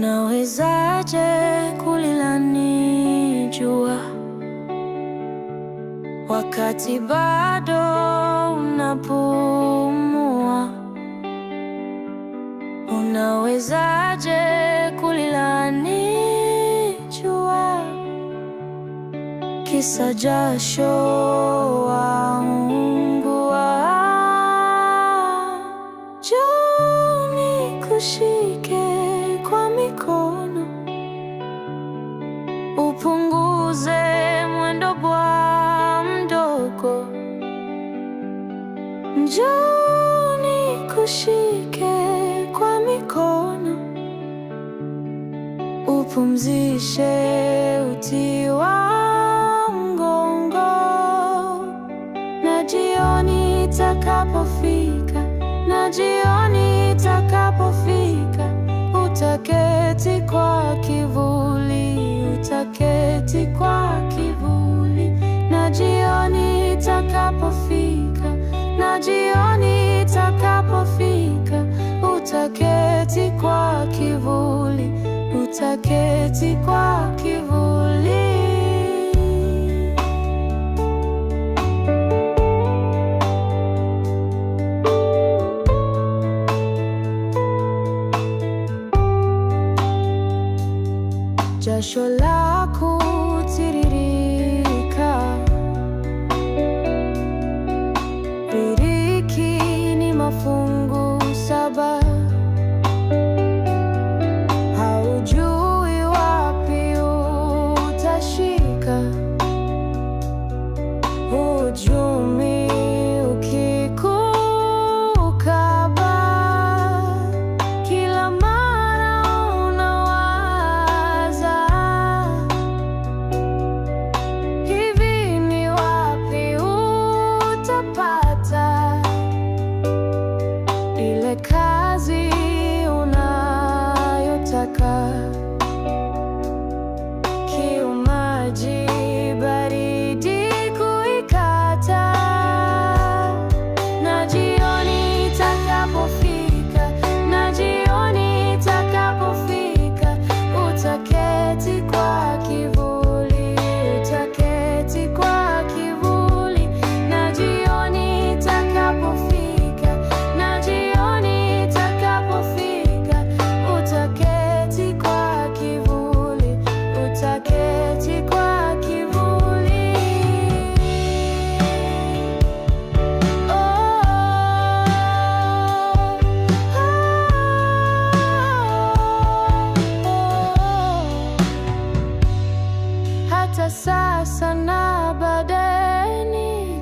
Unawezaje kulilani jua wakati bado unapumua? Unawezaje kulilani jua kisa jasho Njoo kushike kwa mikono, upumzishe uti wa mgongo, na jioni itakapofika, na jioni itakapofika utaketi kwa kivuli, utaketi kwa kivuli. Jasho lako hutiririka, ririki ni mafungu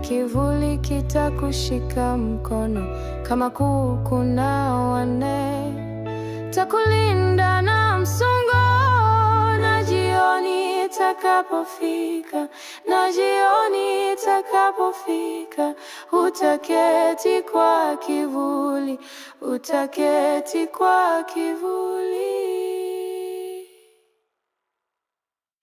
kivuli kitakushika mkono, kama kuku na wane takulinda na msungo, na jioni itakapofika, na jioni itakapofika, utaketi kwa kivuli, utaketi kwa kivuli